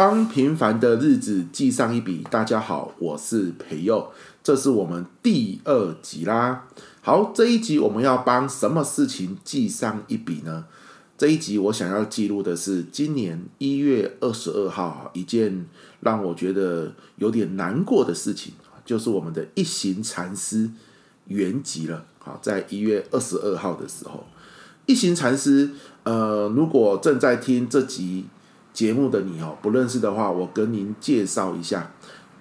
幫平凡的日子記上一筆。大家好，我是培祐，這是我們第二集啦。好，這一集我們要幫什麼事情記上一筆呢？這一集我想要記錄的是今年一月二十二號一件讓我覺得有點難過的事情，就是我們的一行禪師圓寂了。好，在一月二十二號的時候，一行禪師，呃，如果正在聽這集。節目的你哦，不認識的話，我跟您介紹一下，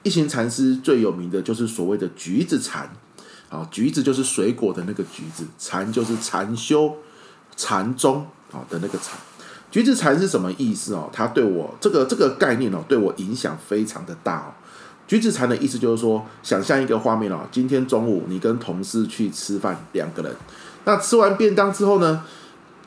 一行禪師最有名的就是所謂的橘子禪，好，橘子就是水果的那個橘子，禪就是禪修、禪宗啊的那個禪，橘子禪是什麼意思哦？它對我這個這個概念哦，對我影響非常的大哦。橘子禪的意思就是說，想象一個畫面哦，今天中午你跟同事去吃飯，兩個人，那吃完便當之後呢，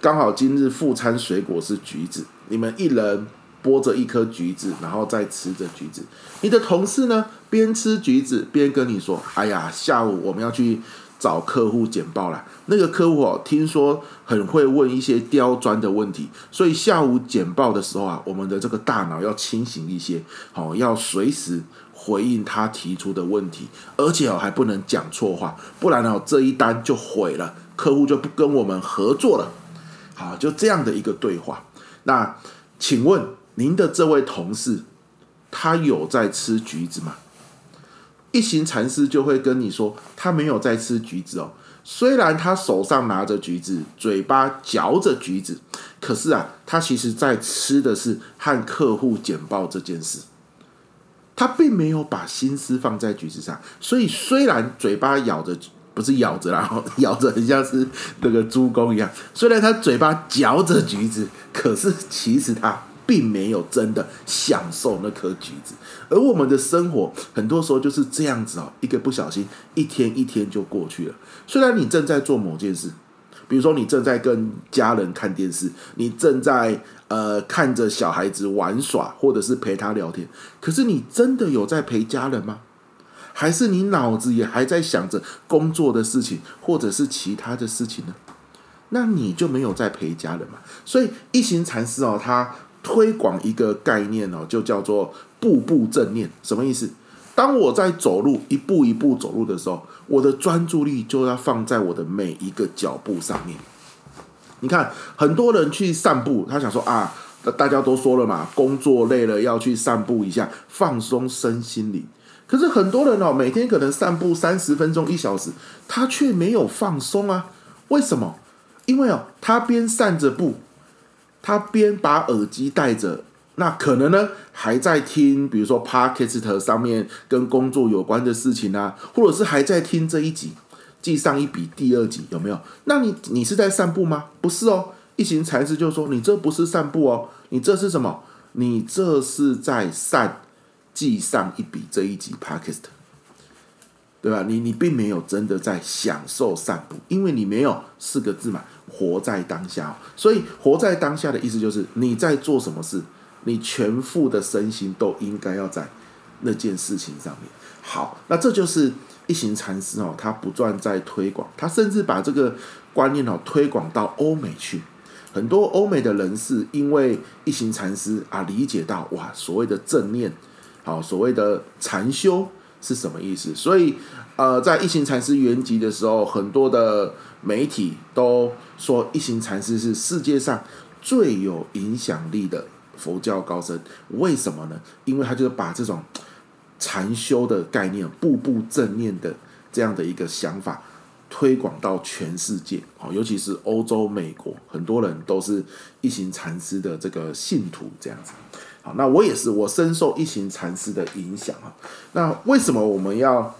剛好今日副餐水果是橘子。你們一人剝着一顆橘子，然後再吃着橘子。你的同事呢，邊吃橘子邊跟你說：“哎呀，下午我們要去找客戶簡報了。那個客戶哦，聽說很會問一些刁鑽的問題，所以下午簡報的時候啊，我們的這個大腦要清醒一些，好、哦，要隨時回應他提出的問題，而且哦，還不能講錯話，不然呢、哦，這一單就毀了，客戶就不跟我們合作了。好，就這樣的一個對話。”那，請問您的這位同事，他有在吃橘子嗎？一行禪師就會跟你說，他沒有在吃橘子哦。雖然他手上拿着橘子，嘴巴嚼着橘子，可是啊，他其實在吃的是和客戶簡報這件事。他並沒有把心思放在橘子上，所以雖然嘴巴咬着橘子。不是咬着，然後咬着很像是那個豬公一樣。雖然他嘴巴嚼着橘子，可是其實他並沒有真的享受那顆橘子。而我們的生活很多時候就是這樣子哦，一個不小心，一天一天就過去了。雖然你正在做某件事，比如說你正在跟家人看電視，你正在呃看着小孩子玩耍，或者是陪他聊天，可是你真的有在陪家人嗎？還是你腦子也還在想着工作的事情，或者是其他的事情呢？那你就沒有在陪家人嘛。所以一行禪師哦，他推廣一個概念哦，就叫做“步步正念”。什麼意思？當我在走路一步一步走路的時候，我的專注力就要放在我的每一個腳步上面。你看，很多人去散步，他想說啊，大家都說了嘛，工作累了要去散步一下，放鬆身心靈。可是很多人哦，每天可能散步三十分鐘一小時，他卻沒有放鬆啊？為什麼？因為哦，他邊散着步，他邊把耳機戴着那可能呢還在聽，比如說 Podcast 上面跟工作有關的事情啊，或者是還在聽這一集，記上一筆，第二集有沒有？那你你是在散步嗎？不是哦，一行禪師就說你這不是散步哦，你這是什麼？你這是在散。記上一筆這一集 Podcast，對吧？你你並沒有真的在享受散步，因為你沒有四個字嘛，活在當下哦。所以活在當下的意思就是你在做什麼事，你全副的身心都應該要在那件事情上面。好，那這就是一行禪師哦，他不斷在推廣，他甚至把這個觀念哦推廣到歐美去。很多歐美的人士因為一行禪師啊，理解到哇，所謂的正念。好，所謂的禪修是什麼意思？所以，呃，在一行禪師圓寂的時候，很多的媒體都說一行禪師是世界上最有影響力的佛教高僧。為什麼呢？因為他就把這種禪修的概念、步步正念的這樣的一個想法推廣到全世界。好，尤其是歐洲、美國，很多人都是一行禪師的這個信徒，這樣子。好，那我也是，我深受一行禪師的影響啊。那為什麼我們要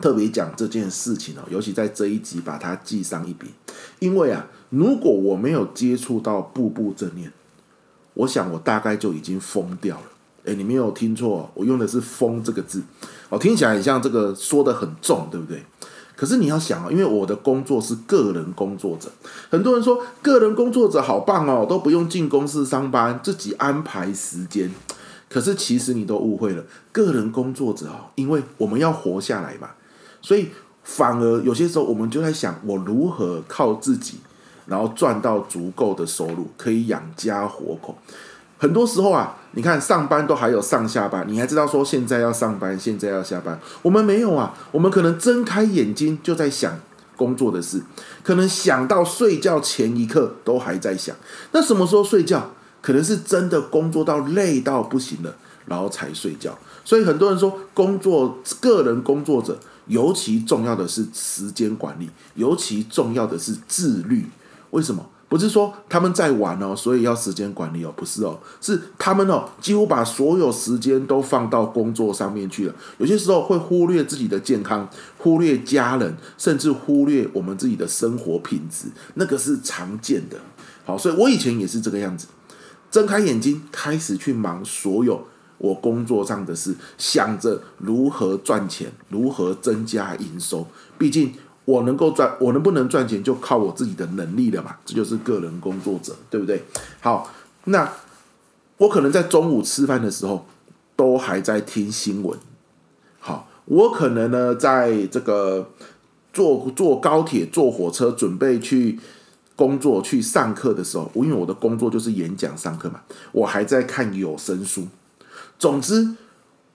特別講這件事情呢？尤其在這一集把它記上一筆，因為啊，如果我沒有接觸到《步步正念》，我想我大概就已經瘋掉了。哎，你沒有聽錯，我用的是“瘋”這個字，哦，聽起來很像這個說的很重，對不對？可是你要想啊，因為我的工作是個人工作者，很多人說個人工作者好棒哦，都不用進公司上班，自己安排時間。可是其實你都誤會了，個人工作者哦，因為我們要活下來嘛，所以反而有些時候我們就在想，我如何靠自己，然後賺到足夠的收入，可以養家活口。很多時候啊。你看上班都還有上下班，你還知道說現在要上班，現在要下班。我們沒有啊，我們可能睜開眼睛就在想工作的事，可能想到睡覺前一刻都還在想。那什麼時候睡覺？可能是真的工作到累到不行了，然後才睡覺。所以很多人說工作，個人工作者尤其重要的是時間管理，尤其重要的是自律。為什麼？不是說他們在玩哦，所以要時間管理哦，不是哦，是他們哦，幾乎把所有時間都放到工作上面去了，有些時候會忽略自己的健康，忽略家人，甚至忽略我們自己的生活品質，那個是常見的。好，所以我以前也是這個樣子，睜開眼睛開始去忙所有我工作上的事，想着如何賺錢，如何增加營收，畢竟，我能夠賺，我能不能賺錢就靠我自己的能力了嘛，這就是個人工作者，對不對？好，那我可能在中午吃飯的時候都還在聽新聞。好，我可能呢，在這個坐坐高鐵、坐火車準備去工作、去上課的時候，因為我的工作就是演講、上課嘛，我還在看有聲書。總之，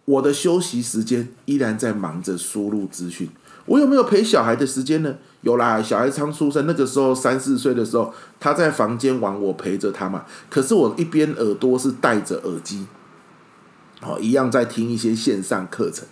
我的休息時間依然在忙着輸入資訊。我有沒有陪小孩的時間呢？有啦，小孩剛出生，那個時候三四歲的時候，他在房間玩，我陪着他嘛。可是我一邊耳朵是戴着耳機，好、哦，一樣在聽一些線上課程。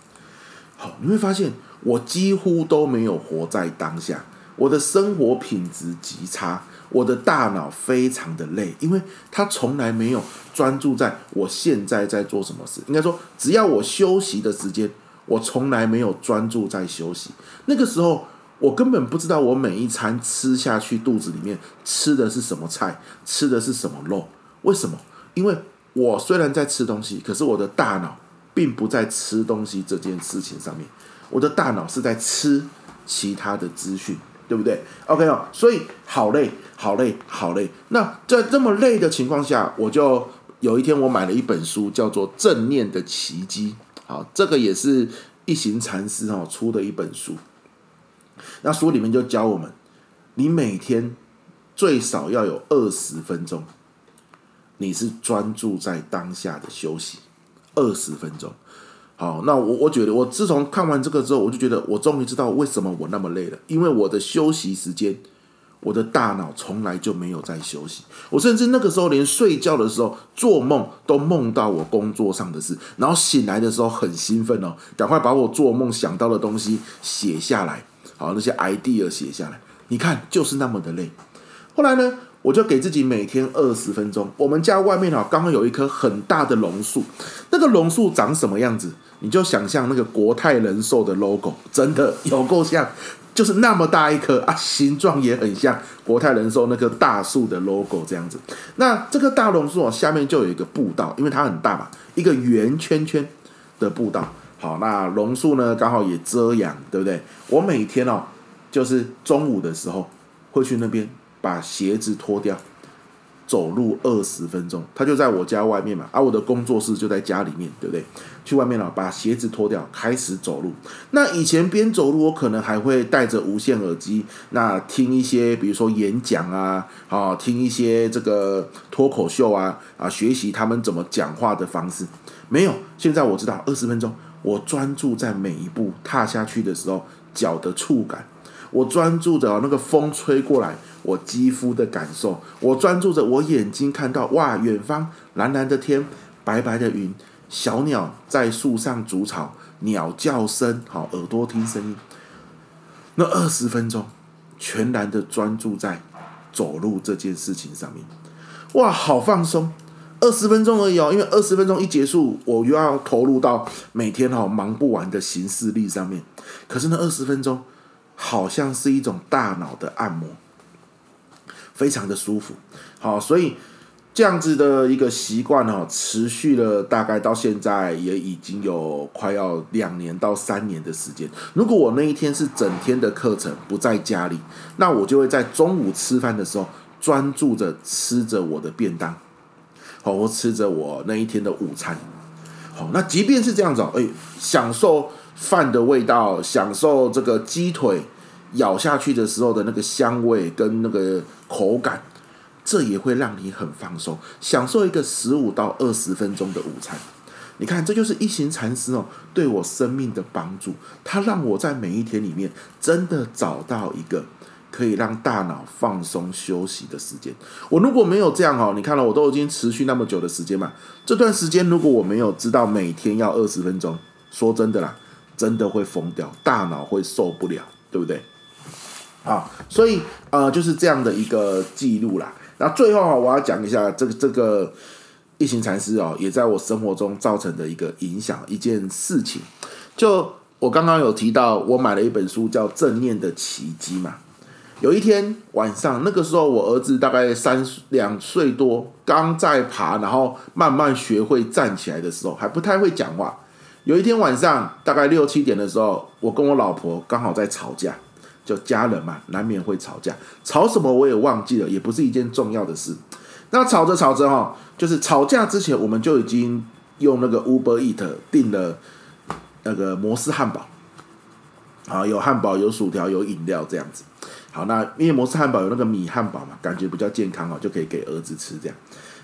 好、哦，你會發現我幾乎都沒有活在當下，我的生活品質極差，我的大腦非常的累，因為他從來沒有專注在我現在在做什麼事。應該說，只要我休息的時間。我從來沒有專注在休息。那個時候，我根本不知道我每一餐吃下去肚子裡面吃的是什麼菜，吃的是什麼肉。為什麼？因為我雖然在吃東西，可是我的大腦並不在吃東西這件事情上面。我的大腦是在吃其他的資訊，對不對？OK 哦，所以好累，好累，好累。那在這麼累的情況下，我就有一天我買了一本書，叫做《正念的奇蹟》。好，這個也是一行禪師哦出的一本書。那書裡面就教我們，你每天最少要有二十分鐘，你是專注在當下的休息二十分鐘。好，那我我覺得，我自從看完這個之後，我就覺得我終於知道為什麼我那麼累了，因為我的休息時間。我的大腦從來就沒有在休息，我甚至那個時候連睡覺的時候做夢都夢到我工作上的事，然後醒來的時候很興奮哦，趕快把我做夢想到的東西寫下來，好，那些 idea 寫下來，你看就是那麼的累，後來呢，我就給自己每天二十分鐘。我們家外面哦，剛好有一棵很大的榕樹，那個榕樹長什麼樣子，你就想象那個國泰人壽的 logo，真的有夠像，就是那麼大一棵啊，形狀也很像國泰人壽那棵大樹的 logo 這樣子。那這個大榕樹下面就有一個步道，因為它很大嘛，一個圓圈圈的步道。好，那榕樹呢，剛好也遮陽，對不對？我每天哦，就是中午的時候會去那邊。把鞋子脫掉，走路二十分鐘，他就在我家外面嘛，啊，我的工作室就在家裡面，對不對？去外面了，把鞋子脫掉，開始走路。那以前邊走路，我可能還會戴着無線耳機，那聽一些比如說演講啊，啊，聽一些這個脫口秀啊，啊，學習他們怎麼講話的方式。沒有，現在我知道，二十分鐘，我專注在每一步踏下去的時候，腳的觸感。我專注着那個風吹過來，我肌膚的感受；我專注着我眼睛看到，哇，遠方藍藍的天，白白的雲，小鳥在樹上築巢，鳥叫聲，好耳朵聽聲音。那二十分鐘，全然的專注在走路這件事情上面，哇，好放鬆。二十分鐘而已哦，因為二十分鐘一結束，我又要投入到每天好忙不完的行事曆上面。可是那二十分鐘，好像是一種大腦的按摩，非常的舒服。好，所以這樣子的一個習慣哦，持續了大概到現在也已經有快要兩年到三年的時間。如果我那一天是整天的課程不在家裡，那我就會在中午吃飯的時候專注着吃着我的便當，好，我吃着我那一天的午餐。好，那即便是這樣子哦，哎、欸，享受飯的味道，享受這個雞腿咬下去的時候的那個香味跟那個口感，這也會讓你很放鬆。享受一個十五到二十分鐘的午餐，你看，這就是一行禪師哦、喔，對我生命的幫助。它讓我在每一天裡面真的找到一個。可以讓大腦放鬆休息的時間。我如果沒有這樣哦，你看了我都已經持續那麼久的時間嘛。這段時間如果我沒有知道每天要二十分鐘，說真的啦，真的會瘋掉，大腦會受不了，對不對？啊，所以啊、呃，就是這樣的一個記錄啦。那最後啊，我要講一下這個這個異形禪師哦，也在我生活中造成的一個影響一件事情。就我剛剛有提到，我買了一本書叫《正念的奇蹟》嘛。有一天晚上，那個時候我兒子大概三兩歲多，剛在爬，然後慢慢學會站起來的時候，還不太會講話。有一天晚上大概六七點的時候，我跟我老婆剛好在吵架，就家人嘛，難免會吵架，吵什麼我也忘記了，也不是一件重要的事。那吵着吵着哈，就是吵架之前我們就已經用那個 Uber Eat 訂了那個摩斯漢堡，啊，有漢堡，有薯條，有飲料這樣子。好，那因為摩斯漢堡有那個米漢堡嘛，感覺比較健康哦，就可以給兒子吃這樣。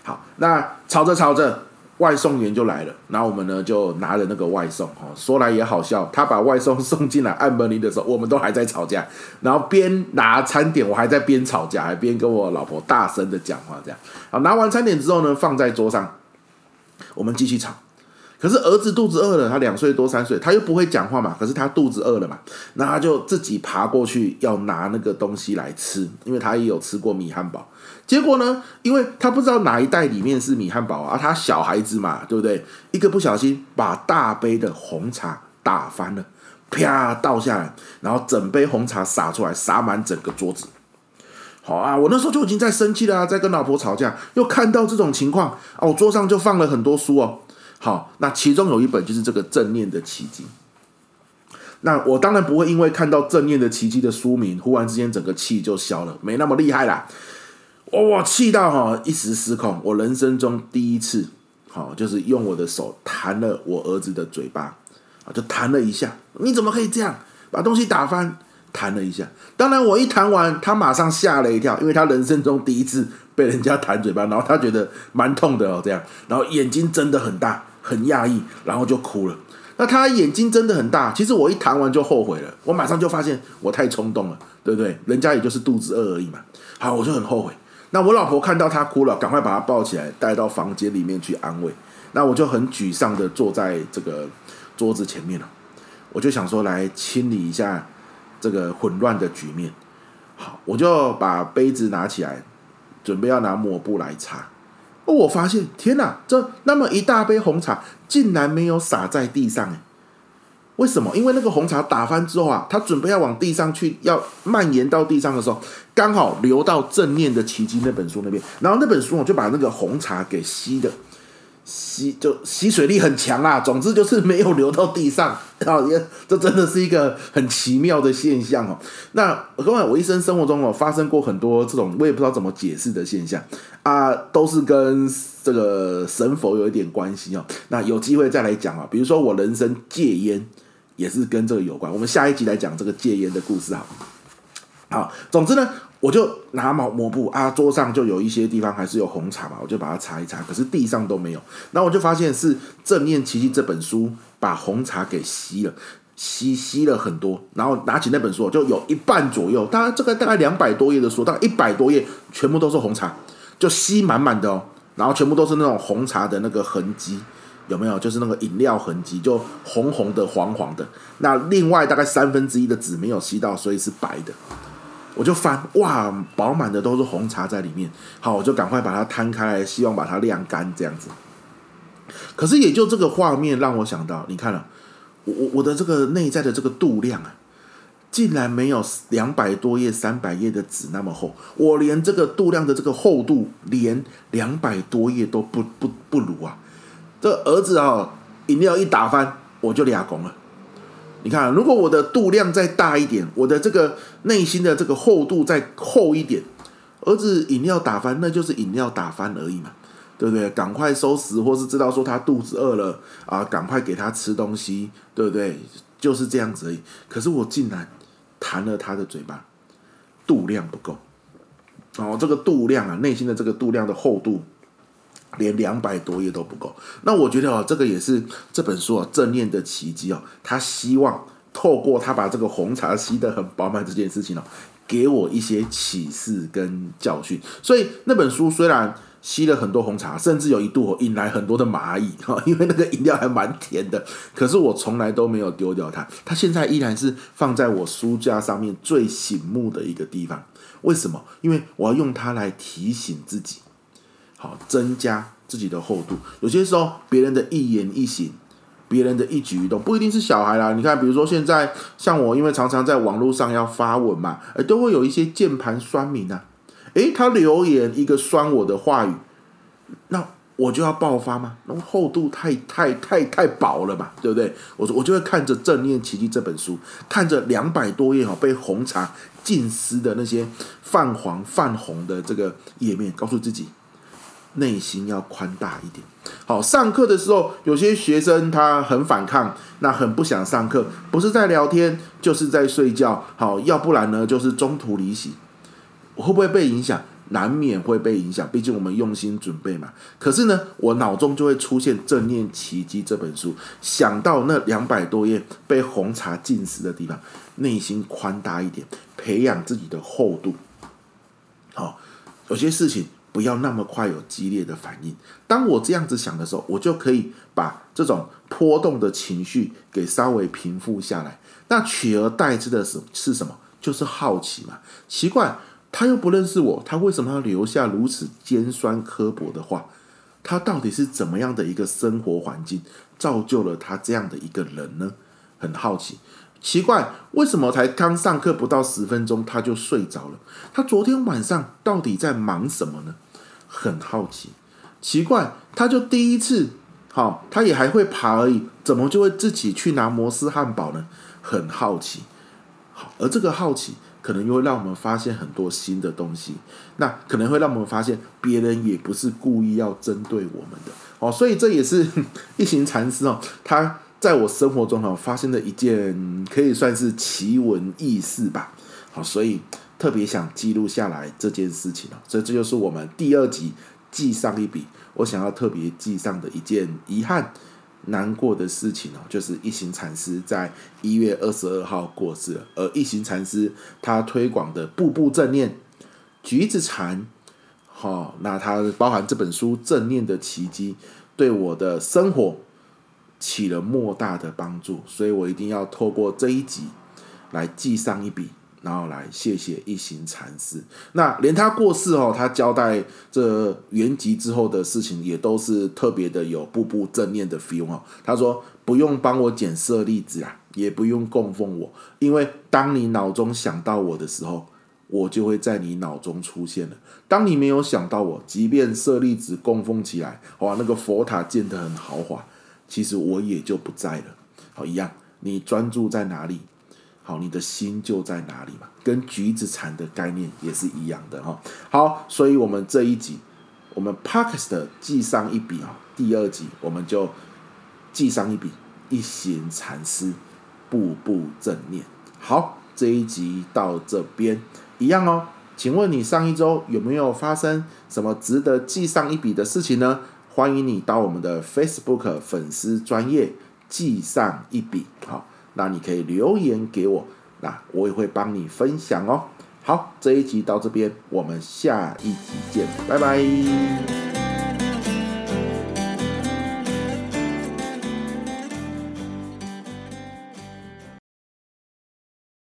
好，那吵着吵着，外送員就來了，然後我們呢就拿着那個外送，哦，說來也好笑，他把外送送進來按門鈴的時候，我們都還在吵架，然後邊拿餐點我還在邊吵架，還邊跟我老婆大聲的講話這樣。好，拿完餐點之後呢，放在桌上，我們繼續吵。可是兒子肚子餓了，他兩歲多三歲，他又不會講話嘛。可是他肚子餓了嘛，那他就自己爬過去要拿那個東西來吃，因為他也有吃過米漢堡。結果呢，因為他不知道哪一袋裡面是米漢堡啊，啊他小孩子嘛，對不對？一個不小心把大杯的紅茶打翻了，啪倒下來，然後整杯紅茶灑出來，灑滿整個桌子。好啊，我那時候就已經在生氣了啊，在跟老婆吵架，又看到這種情況哦，啊，我桌上就放了很多書哦。好，那其中有一本就是這個正念的奇蹟。那我當然不會因為看到正念的奇蹟的書名，忽然之間整個氣就消了，沒那麼厲害啦。我、哦、氣到哈一時失控，我人生中第一次，好，就是用我的手彈了我兒子的嘴巴，就彈了一下。你怎麼可以這樣把東西打翻？彈了一下，當然我一彈完，他馬上嚇了一跳，因為他人生中第一次。被人家彈嘴巴，然後他覺得蠻痛的哦，這樣，然後眼睛睜得很大，很訝異，然後就哭了。那他眼睛睜得很大，其實我一彈完就後悔了，我馬上就發現我太衝動了，對不對？人家也就是肚子餓而已嘛。好，我就很後悔。那我老婆看到他哭了，趕快把他抱起來帶到房間裡面去安慰。那我就很沮喪的坐在這個桌子前面了，我就想說來清理一下這個混亂的局面。好，我就把杯子拿起來。準備要拿抹布來擦，哦，我發現天哪，這那麼一大杯紅茶竟然沒有灑在地上誒，為什麼？因為那個紅茶打翻之後啊，它準備要往地上去，要蔓延到地上的時候，剛好流到正念的奇蹟那本書那邊，然後那本書我就把那個紅茶給吸了。吸就吸水力很強啦、啊，總之就是沒有流到地上，也、哦、這真的是一個很奇妙的現象哦。那當然，我一生生活中哦發生過很多這種我也不知道怎麼解釋的現象啊、呃，都是跟這個神佛有一點關係哦。那有機會再來講啊、哦，比如說我人生戒煙也是跟這個有關，我們下一集來講這個戒煙的故事好。好、哦，總之呢。我就拿毛抹布啊，桌上就有一些地方還是有紅茶嘛，我就把它擦一擦。可是地上都沒有，然後我就發現是《正念奇蹟》這本書把紅茶給吸了，吸吸了很多。然後拿起那本書，就有一半左右，大概這個大概兩百多頁的書，大概一百多頁全部都是紅茶，就吸滿滿的哦。然後全部都是那種紅茶的那個痕跡，有沒有？就是那個飲料痕跡，就紅紅的、黃黃的。那另外大概三分之一的紙沒有吸到，所以是白的。我就翻，哇，飽滿的都是紅茶在裡面。好，我就趕快把它攤開來，希望把它晾乾這樣子。可是也就這個畫面讓我想到，你看啊，我我我的這個內在的這個度量啊，竟然沒有兩百多頁、三百頁的紙那麼厚。我連這個度量的這個厚度，連兩百多頁都不不不如啊。這個兒子啊，飲料一打翻，我就倆拱了。你看，如果我的肚量再大一點，我的這個內心的這個厚度再厚一點，兒子飲料打翻，那就是飲料打翻而已嘛，對不對？趕快收拾，或是知道說他肚子餓了啊、呃，趕快給他吃東西，對不對？就是這樣子而已。可是我竟然彈了他的嘴巴，肚量不夠。哦，這個肚量啊，內心的這個肚量的厚度。連兩百多頁都不夠，那我覺得哦，這個也是這本書啊，《正念的奇蹟》哦，他希望透過他把這個紅茶吸得很飽滿這件事情哦，給我一些啟示跟教訓。所以那本書雖然吸了很多紅茶，甚至有一度引來很多的螞蟻哈，因為那個飲料還蠻甜的，可是我從來都沒有丟掉它，它現在依然是放在我書架上面最醒目的一個地方。為什麼？因為我要用它來提醒自己。好，增加自己的厚度。有些時候，別人的一言一行，別人的一舉一動，不一定是小孩啦。你看，比如說現在，像我，因為常常在網絡上要發文嘛，誒，都會有一些鍵盤酸民啊。誒，他留言一個酸我的話語，那我就要爆發嗎？那厚度太太太太薄了嘛，對不對？我說，我就會看着《正念奇蹟》這本書，看着兩百多頁哦，被紅茶浸濕的那些泛黃泛紅的這個頁面，告訴自己。內心要寬大一點。好，上課的時候有些學生他很反抗，那很不想上課，不是在聊天就是在睡覺，好，要不然呢就是中途離席。我會不會被影響？難免會被影響，畢竟我們用心準備嘛。可是呢，我腦中就會出現《正念奇蹟》這本書，想到那兩百多頁被紅茶浸濕的地方，內心寬大一點，培養自己的厚度。好，有些事情。不要那麼快有激烈的反應。當我這樣子想的時候，我就可以把這種波動的情緒給稍微平復下來。那取而代之的是是什麼？就是好奇嘛。奇怪，他又不認識我，他為什麼要留下如此尖酸刻薄的話？他到底是怎麼樣的一個生活環境，造就了他這樣的一個人呢？很好奇。奇怪，為什麼才剛上課不到十分鐘，他就睡着了？他昨天晚上到底在忙什麼呢？很好奇，奇怪，他就第一次，好，他也還會爬而已，怎麼就會自己去拿摩斯漢堡呢？很好奇，好，而這個好奇可能又會讓我們發現很多新的東西，那可能會讓我們發現別人也不是故意要針對我們的，哦，所以這也是一行禪師哦，他在我生活中哈發現了一件可以算是奇聞異事吧，好，所以。特別想記錄下來這件事情哦，所以這就是我們第二集記上一筆，我想要特別記上的一件遺憾難過的事情哦，就是一行禪師在一月二十二號過世了，而一行禪師他推廣的《步步正念》《橘子禪》好，那他包含這本書《正念的奇蹟》，對我的生活起了莫大的幫助，所以我一定要透過這一集來記上一筆。然後來謝謝一行禪師，那連他過世後他交代這圓寂之後的事情也都是特別的有步步正念的 feel 哈，他說不用幫我撿舍利子啊，也不用供奉我，因為當你腦中想到我的時候，我就會在你腦中出現了。當你沒有想到我，即便舍利子供奉起來，哇，那個佛塔建得很豪華，其實我也就不在了。好，一樣，你專注在哪裡？好，你的心就在哪裡嘛？跟橘子禪的概念也是一樣的哈。好，所以我們這一集，我們 Podcast 記上一筆啊。第二集我們就記上一筆，一行禪師，步步正念。好，這一集到這邊一樣哦。請問你上一周有沒有發生什麼值得記上一筆的事情呢？歡迎你到我們的 Facebook 粉絲專頁記上一筆。好。那你可以留言給我，那我也會幫你分享哦。好，這一集到這邊，我們下一集見，拜拜。